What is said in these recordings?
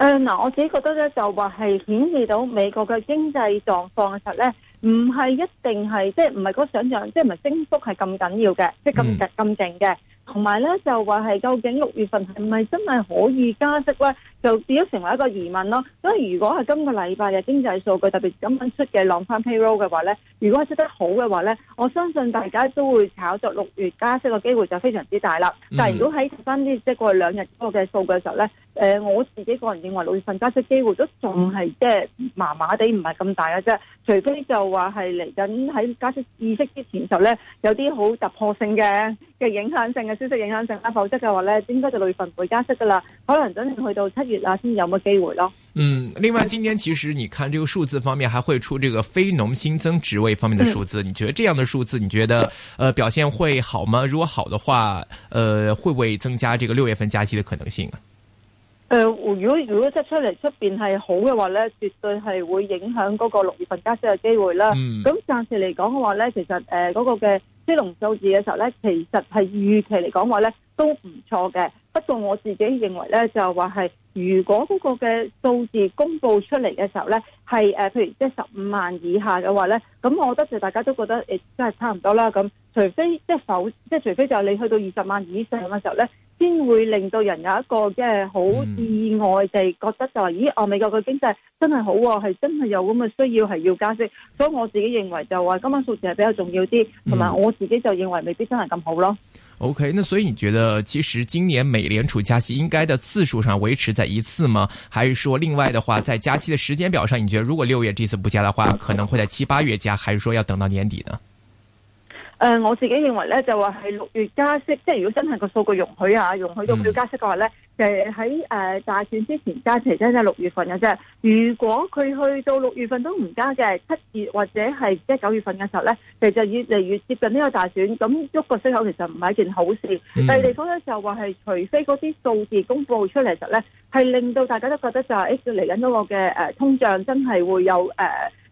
誒，嗱、呃，我自己覺得咧，就話係顯示到美國嘅經濟狀況嘅時候咧，唔係一定係，即係唔係嗰想象，即係唔係升幅係咁緊要嘅，嗯、即係咁緊咁勁嘅，同埋咧就話係究竟六月份係咪真係可以加息咧？就變咗成為一個疑問咯。所以如果係今個禮拜嘅經濟數據，特別咁樣出嘅 non-farm payroll 嘅話咧，如果係出得好嘅話咧，我相信大家都會炒作六月加息嘅機會就非常之大啦。但係如果喺出翻啲即係過去兩日嗰個嘅數據嘅時候咧、呃，我自己個人認為六月份加息機會都仲係即係麻麻地，唔係咁大嘅啫。除非就話係嚟緊喺加息意識之前就咧有啲好突破性嘅嘅影響性嘅消息影響性啦，否則嘅話咧，應該就六月份會加息噶啦。可能等你去到七。先有乜機會咯？嗯，另外今天其實你看這個數字方面，還會出這個非農新增職位方面的數字。你覺得這樣的數字，你覺得，呃，表現會好嗎？如果好的話，呃，會不會增加這個六月份加息的可能性啊？呃，如果如果真出嚟出邊係好嘅話咧，絕對係會影響嗰個六月份加息嘅機會啦。咁、嗯、暫時嚟講嘅話咧，其實，誒、呃，嗰、嗰個嘅非農數字嘅時候咧，其實係預期嚟講話咧都唔錯嘅。不過我自己認為咧，就話係如果嗰個嘅數字公佈出嚟嘅時候咧，係誒，譬如即係十五萬以下嘅話咧，咁我覺得就大家都覺得誒，真係差唔多啦。咁除非即係即係除非就係你去到二十萬以上嘅時候咧。先會令到人有一個即係好意外地覺得就話、是，咦，哦，美國嘅經濟真係好喎，係真係有咁嘅需要係要加息。所以我自己認為就話今晚數字係比較重要啲，同埋我自己就認為未必真係咁好咯。嗯。OK，那所以你覺得其實今年美聯儲加息應該嘅次數上維持在一次嗎？還是說另外的話，在加息嘅時間表上，你覺得如果六月這次不加的話，可能會在七八月加，還是說要等到年底呢？誒、呃、我自己認為咧，就話係六月加息，即係如果真係個數據容許啊，容許到佢加息嘅話咧，嗯、就係喺誒大選之前加，其實真係六月份嘅啫。如果佢去到六月份都唔加嘅，七月或者係即係九月份嘅時候咧，其實越嚟越接近呢個大選，咁喐個息口其實唔係一件好事。第二地方呢，就話係，除非嗰啲數字公布出嚟實咧，係令到大家都覺得就係誒要嚟緊嗰我嘅、呃、通脹真係會有誒。呃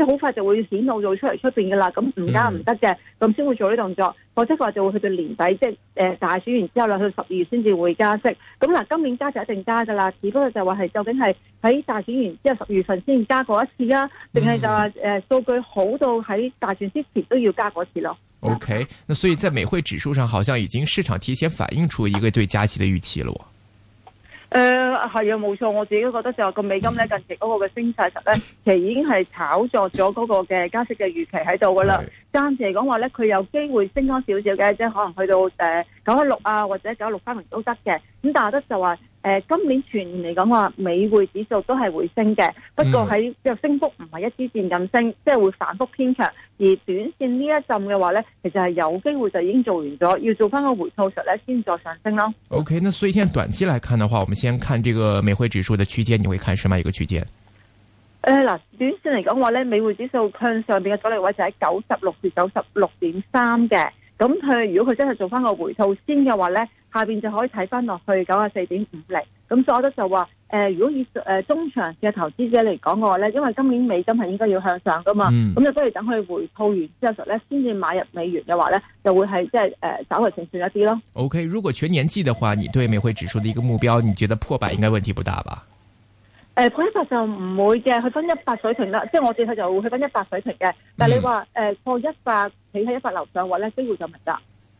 即係好快就會顯露出嚟出邊噶啦，咁唔加唔得嘅，咁先、嗯、會做呢動作，否則嘅話就會去到年底，即係誒大選完之後啦，去到十二月先至會加息。咁嗱，今年加就一定加噶啦，只不過就話係究竟係喺大選完之後十二月份先加過一次啊，定係就話誒數據好到喺大選之前都要加嗰次咯。OK，那所以在美匯指數上，好像已經市場提前反映出一個對加息的預期了，我。誒，係啊、呃，冇錯，我自己覺得就話、是、個美金咧，近期嗰個嘅升勢咧，其實已經係炒作咗嗰個嘅加息嘅預期喺度噶啦。暫時嚟講話咧，佢有機會升多少少嘅，即係可能去到誒九一六啊，或者九一六三零都得嘅。咁但係咧就話。誒、呃，今年全年嚟講話，美匯指數都係回升嘅，不過喺即升幅唔係一支箭咁升，嗯、即係會反覆偏強。而短線這一陣呢一浸嘅話咧，其實係有機會就已經做完咗，要做翻個回吐實咧先再上升咯。O、okay, K，那所以現在短期嚟看嘅話，我們先看這個美匯指數嘅區間，你會看咩一個區間？誒嗱、呃，短線嚟講話咧，美匯指數向上邊嘅阻力位就喺九十六至九十六點三嘅，咁佢如果佢真係做翻個回吐先嘅話咧。下邊就可以睇翻落去九啊四點五零，咁所以我覺得就話，誒、呃，如果以誒、呃、中長嘅投資者嚟講嘅話咧，因為今年美金係應該要向上噶嘛，咁、嗯、就不如等佢回吐完之後咧，先至買入美元嘅話咧，就會係即係誒稍微勝算一啲咯。O、okay, K，如果全年計嘅話，你對美匯指數嘅一個目標，你覺得破百應該問題不大吧？誒、呃，破一百就唔會嘅，去翻一百水平啦，即係我哋睇就會去翻一百水平嘅，但係你話、嗯呃、100, 話誒破一百企喺一百樓上話咧，機會就唔得。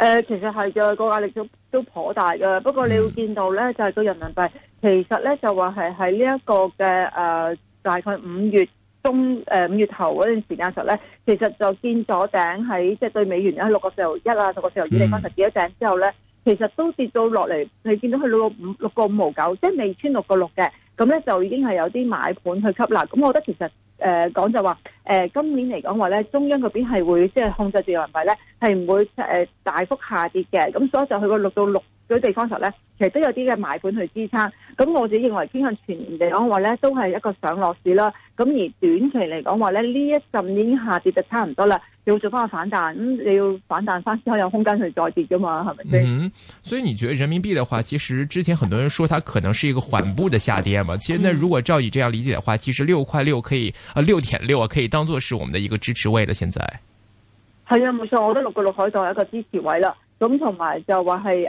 誒、呃，其實係嘅，個壓力都都頗大嘅。不過你會見到咧，就係、是、個人民幣，其實咧就話係喺呢一個嘅誒、呃，大概五月中誒五月頭嗰段時間嘅時候咧，其實就見咗頂喺即係對美元喺六個四毫一啊，六個四毫二地方實見咗頂之後咧，其實都跌到落嚟，你見到佢攞五六個五毛九，即係未穿六個六嘅，咁咧就已經係有啲買盤去吸納。咁我覺得其實。誒、呃、講就話誒、呃、今年嚟講話咧，中央嗰邊係會即係控制住人民幣咧，係唔會、呃、大幅下跌嘅。咁所以就去個六到六嘅地方的時候咧，其實都有啲嘅買盤去支撐。咁我自己認為，偏向全年嚟講話咧，都係一個上落市啦。咁而短期嚟講話咧，呢一陣已經下跌得差唔多啦。你要做翻個反彈，咁、嗯、你要反彈翻先可以有空間去再跌噶嘛，係咪先？所以你覺得人民幣嘅話，其實之前很多人說它可能是一個緩步嘅下跌嘛。其實，那如果照你這樣理解嘅話，其實六塊六可以，啊六點六啊可以當做是我們的一個支持位了。現在係啊，冇錯，我覺得六個六可以作為一個支持位啦。咁同埋就話係誒誒。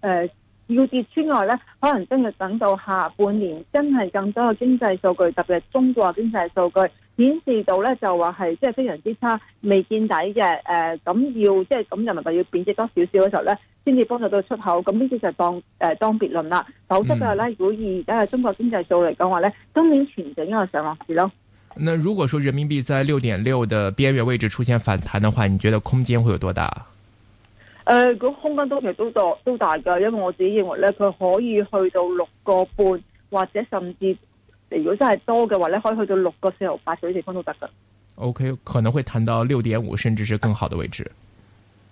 呃呃要跌穿外咧，可能真係等到下半年，真係更多嘅經濟數據，特別係中國經濟嘅數據顯示到咧，就話係即係非常之差，未見底嘅。誒、呃，咁要即係咁人民幣要貶值多少少嘅時候咧，先至幫助到出口。咁呢啲就當誒、呃、當別論啦。否則嘅話咧，如果而家係中國經濟數嚟講話咧，今年完整係上落市咯。那如果說人民幣在六點六嘅邊緣位置出現反彈嘅話，你覺得空間會有多大？誒，個、呃、空間都其實都大，都大噶，因為我自己認為咧，佢可以去到六個半，或者甚至，如果真係多嘅話咧，可以去到六個四毫八，嗰啲地方都得噶。O K，可能會彈到六點五，甚至是更好的位置。啊。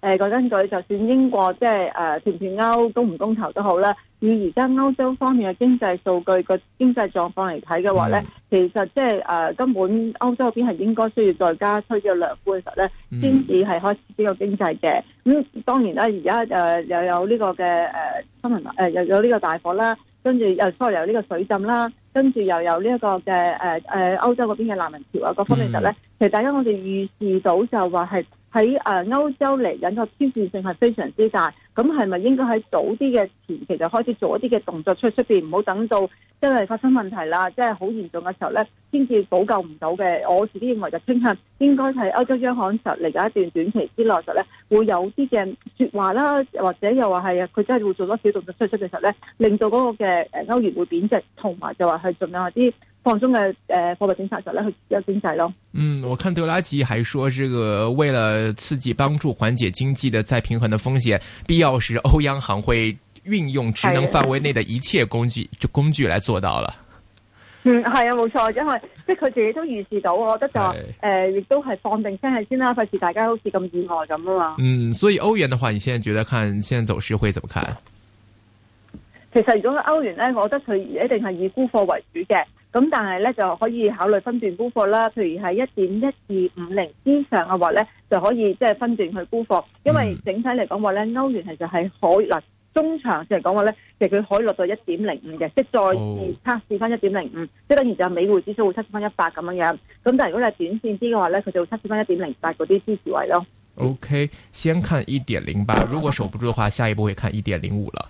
誒，講根據就算英國即係誒，全全歐公唔公投都好啦。以而家歐洲方面嘅經濟數據個經濟狀況嚟睇嘅話咧，嗯、其實即係誒，根本歐洲嗰邊係應該需要再加推個量寬嘅時候咧，先至係開始呢個經濟嘅。咁、嗯、當然啦，而家誒又有呢、這個嘅誒新聞誒又有呢個大火啦，跟住又再有呢個水浸啦，跟住又有呢、這、一個嘅誒誒歐洲嗰邊嘅難民潮啊，各方面就咧，嗯、其實大家我哋預視到就話係。喺誒歐洲嚟緊個挑戰性係非常之大，咁係咪應該喺早啲嘅前期就開始做一啲嘅動作出出邊，唔好等到因為發生問題啦，即係好嚴重嘅時候咧，先至補救唔到嘅。我自己認為就傾向應該係歐洲央行實嚟緊一段短期之內實咧，會有啲嘅説話啦，或者又話係啊，佢真係會做多少少動作出出嘅時候咧，令到嗰個嘅誒歐元會貶值，同埋就話係做兩啲。放鬆嘅誒貨幣政策就咧去有經濟咯。嗯，我看德拉吉還說，這個為了刺激、幫助、緩解經濟的再平衡的風險，必要時歐央行會運用職能範圍內的一切工具，就的工具來做到了。嗯，係啊，冇錯，因為即係佢自己都預示到，我覺得就誒，亦的、呃、都係放定聲氣先啦，費事大家好似咁意外咁啊嘛。嗯，所以歐元的話，你現在覺得看現在走勢會怎麼看？其實如果歐元咧，我覺得佢一定係以沽貨為主嘅。咁、嗯、但係咧就可以考慮分段沽貨啦，譬如喺一點一二五零之上嘅話咧，就可以即係、就是、分段去沽貨，因為整體嚟講話咧，歐、嗯、元其實係可嗱，中長線嚟講話咧，其實佢可以落到一點零五嘅，即係再次測試翻一點零五，即係等然就係美匯指數會測試翻一百咁樣樣。咁但係如果你短線啲嘅話咧，佢就會測試翻一點零八嗰啲支持位咯。O K，先看一點零八，如果守唔住嘅話，下一步會看一點零五啦。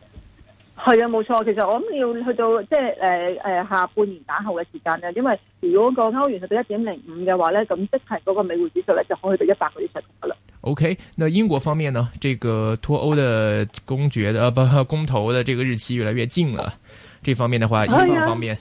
係啊，冇錯。其實我諗要去到即係誒誒下半年打後嘅時間咧，因為如果個歐元去到一點零五嘅話咧，咁即係嗰個美匯指數咧就可以到一百個月綫噶啦。O、okay, K，那英國方面呢？這個脫歐的公決的啊不公投的這個日期越來越近了。這方面的話，英國方面，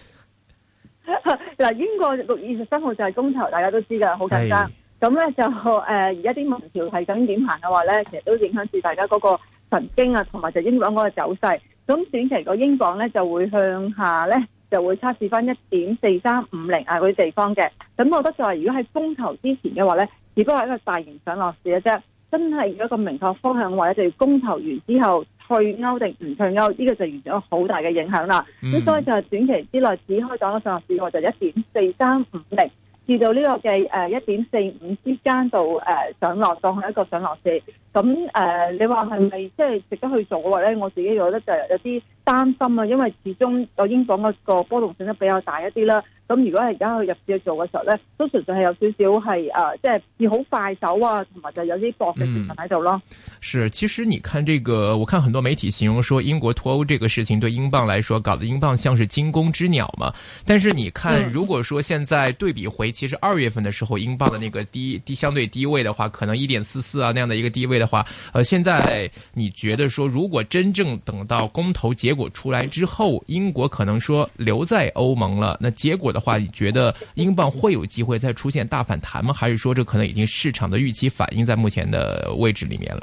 嗱是的， 英國六月二十三號就係公投，大家都知噶，好簡單。咁咧 Hey. 就誒而家啲民調係咁點行嘅話咧，其實都影響住大家嗰個神經啊，同埋就英鎊嗰個走勢。咁短期個英鎊咧就會向下咧，就會測試翻一點四三五零啊嗰啲、那個、地方嘅。咁我覺得就係、是、如果喺公投之前嘅話咧，只不過係一個大型上落市嘅啫。真係如果咁明確方向嘅話呢，就要公投完之後退歐定唔退歐，呢、這個就完咗好大嘅影響啦。咁、嗯、所以就係短期之內只開檔上落市話，我就一點四三五零。至到呢個嘅誒一點四五之間度，誒上落，當係一個上落市。咁誒你話係咪即係值得去做嘅話咧？我自己覺得就有啲擔心啊，因為始終個英鎊嗰個波動性都比較大一啲啦。咁如果係而家去入市做嘅時候呢，都純粹係有少少係誒，即係要好快手啊，同埋就有啲搏嘅成分喺度咯。是，其實你看這個，我看很多媒體形容說英國脫歐這個事情對英鎊來說，搞得英鎊像是驚弓之鳥嘛。但是你看，如果說現在對比回，其實二月份的時候，英鎊的那個低低相對低位的話，可能一點四四啊那樣的一個低位的話，呃，現在你覺得說如果真正等到公投結果出來之後，英國可能說留在歐盟了，那結果？嘅話，你覺得英鎊會有機會再出現大反彈嗎？還是說這可能已經市場的預期反映在目前嘅位置裏面了？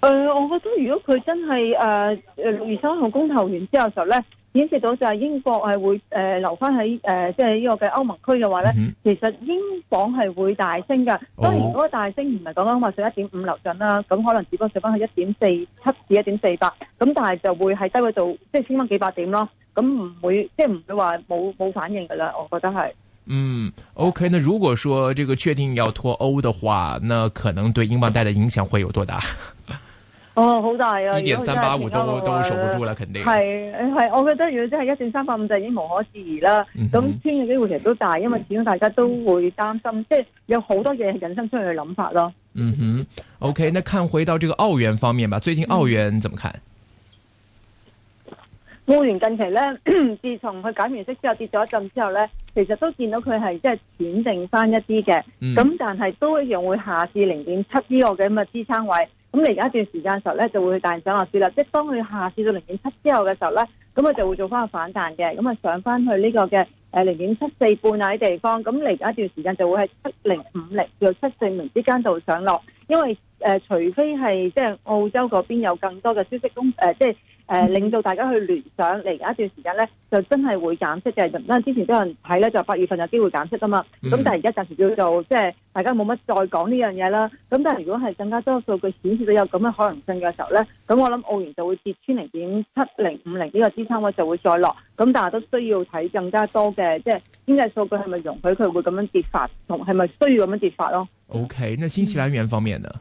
誒、呃，我覺得如果佢真係誒六月三號公投完之後嘅時候咧，顯示到就係英國係會誒、呃、留翻喺誒即係呢個嘅歐盟區嘅話咧，嗯、哼其實英鎊係會大升嘅。當然嗰個大升唔係講緊話上一點五流準啦、啊，咁、嗯嗯、可能只不過上翻去一點四七至一點四八，咁但係就會喺低位度即係千蚊幾百點咯。咁唔會，即係唔會話冇冇反應噶啦，我覺得係。嗯，OK，那如果說這個確定要脫歐的話，那可能對英鎊帶嚟影響會有多大？嗯、哦，好大啊！一點三八五都都守不住了，嗯嗯、肯定係係。我覺得如果真係一點三八五就已經無可置疑啦。咁天嘅機會其實都大，因為始終大家都會擔心，即係有好多嘢係引申出去嘅諗法咯。嗯哼，嗯哼，OK，那看回到這個澳元方面吧，最近澳元、嗯、怎麼看？澳元近期咧，自從佢減完息之後跌咗一陣之後咧，其實都見到佢係即係轉正翻一啲嘅。咁、嗯、但係都一樣會下至零點七呢個嘅咁嘅支撐位。咁嚟緊一段時間時時候咧，就會去大上落市啦。即係當佢下至到零點七之後嘅時候咧，咁佢就會做翻個反彈嘅。咁啊上翻去呢個嘅誒零點七四半啊啲地方。咁嚟緊一段時間就會喺七零五零到七四零之間度上落。因為、呃、除非係即係澳洲嗰邊有更多嘅消息公、呃、即係誒令到大家去聯想，嚟而家一段時間咧，就真係會減息嘅。咁啦，之前都有人睇咧，就八月份有機會減息噶嘛。咁、嗯、但係而家暫時叫做即係大家冇乜再講呢樣嘢啦。咁但係如果係更加多數據顯示到有咁嘅可能性嘅時候咧，咁我諗澳元就會跌穿零點七零五零呢個支撐位就會再落。咁但係都需要睇更加多嘅，即係經濟數據係咪容許佢會咁樣跌發，同係咪需要咁樣跌發咯。OK，那新西蘭元方面呢？嗯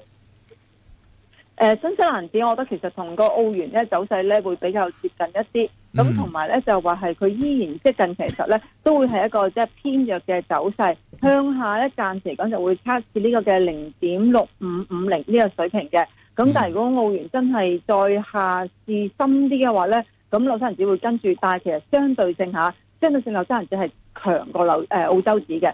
誒，新西蘭元紙我覺得其實同個澳元咧走勢咧會比較接近一啲，咁同埋咧就話係佢依然即近其實咧都會係一個即係偏弱嘅走勢，向下呢，暫時嚟講就會測試呢個嘅零點六五五零呢個水平嘅，咁但係如果澳元真係再下試深啲嘅話咧，咁新西蘭元紙會跟住，但係其實相對性下，相對性新西蘭元紙係強過流誒、呃、澳洲紙嘅。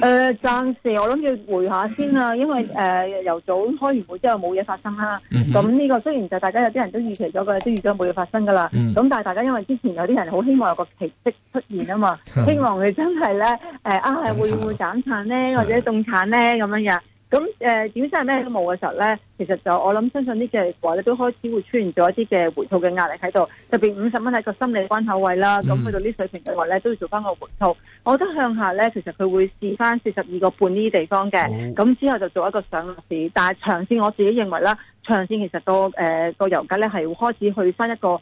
誒，暫、 呃、時我諗要回一下先啦，因為誒、呃、由早開完會之後冇嘢發生啦。咁呢、嗯、哼個雖然就大家有啲人都預期咗嘅，都預咗冇嘢發生噶啦。咁、嗯、但係大家因為之前有啲人好希望有個奇蹟出現啊嘛， 希望佢真係咧誒啊係會唔會減產咧，或者凍產咧咁樣樣。咁誒點解係咩都冇嘅時候咧，其實就我諗相信呢隻話咧都開始會出現咗一啲嘅回吐嘅壓力喺度，特別五十蚊喺個心理關口位啦。咁去到呢水平嘅話咧，都要做翻個回吐。我覺得向下咧，其實佢會試翻四十二個半呢啲地方嘅，咁之後就做一個上落市。但係長線我自己認為啦，長線其實個誒個油價咧係會開始去翻一個誒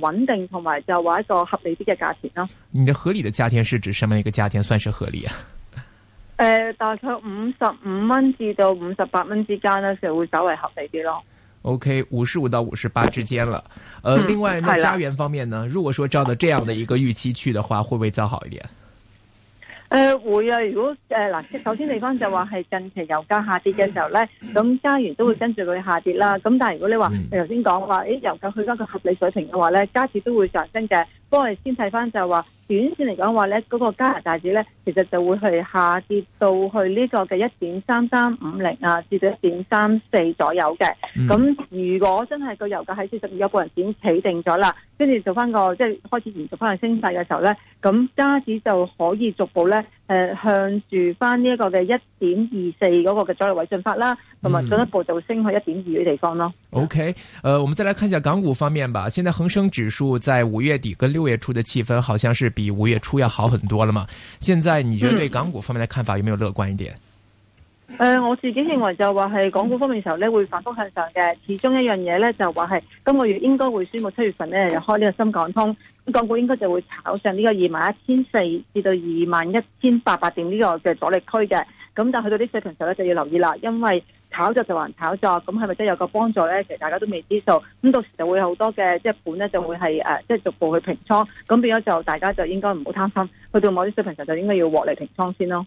穩定同埋就話一個合理啲嘅價錢囉。你的合理的價錢是指什麼一個價錢算是合理啊？誒、呃，大概五十五蚊至到五十八蚊之間呢，就會稍微合理啲咯。O K，五十五到五十八之間啦。誒、呃，嗯、另外，那加元方面呢，嗯、如果說照到這樣的一個預期去的話，會不會再好一點？誒、呃、會啊，如果誒嗱、呃，首先地方就話係近期油價下跌嘅時候呢，咁加元都會跟住佢下跌啦。咁但係如果你話頭先講話，誒油價去翻個合理水平嘅話呢，家置都會上升嘅。我哋先睇翻就係話，短線嚟講話咧，嗰個加拿大指咧，其實就會係下跌到去呢個嘅一點三三五零啊，至到一點三四左右嘅。咁、嗯、如果真係個油價喺四十二有個人點企定咗啦，跟住做翻個即係開始延續翻去升勢嘅時候咧，咁加指就可以逐步咧。誒、呃，向住翻呢一個嘅一點二四嗰個嘅阻力位進發啦，同埋進一步就會升去一點二嘅地方咯。OK，呃我們再嚟看一下港股方面吧。現在恒生指數在五月底跟六月初嘅氣氛，好像是比五月初要好很多了嘛。現在你覺得對港股方面嘅看法，有沒有樂觀一點？嗯嗯誒、呃，我自己認為就話係港股方面時候咧，會反覆向上嘅。始終一樣嘢咧，就話係今個月應該會宣布七月份咧就開呢個深港通，咁港股應該就會炒上呢個二萬一千四至到二萬一千八百點呢個嘅阻力區嘅。咁但係去到啲水平時候咧就要留意啦，因為炒作就還炒作，咁係咪真係有個幫助咧？其實大家都未知數。咁到時就會好多嘅即係盤咧就會係誒即係逐步去平倉，咁變咗就大家就應該唔好貪心，去到某啲水平時候就應該要獲利平倉先咯。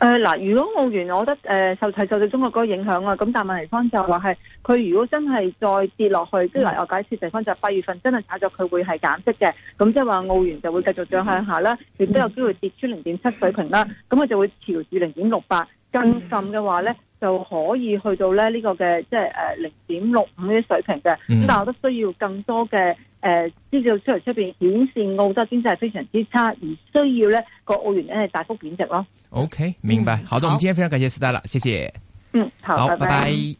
誒嗱、呃，如果澳元，我覺得誒、呃、受受受中國嗰個影響啊，咁但問題方就話係佢如果真係再跌落去，即係我解釋地方就係八月份真係打咗，佢會係減息嘅，咁即係話澳元就會繼續上向下啦，亦都、嗯、有機會跌出零點七水平啦，咁佢就會調住零點六八更深嘅話咧，就可以去到咧呢個嘅即係誒零點六五呢啲水平嘅，咁、嗯、但我覺得需要更多嘅。誒，知道、呃、出嚟出邊顯示澳洲經濟係非常之差，而需要咧個澳元咧係大幅貶值咯。O、okay, K，明白，好，咁、嗯、今天非常感謝 Stella 啦，謝謝。嗯，好，好拜拜。拜拜。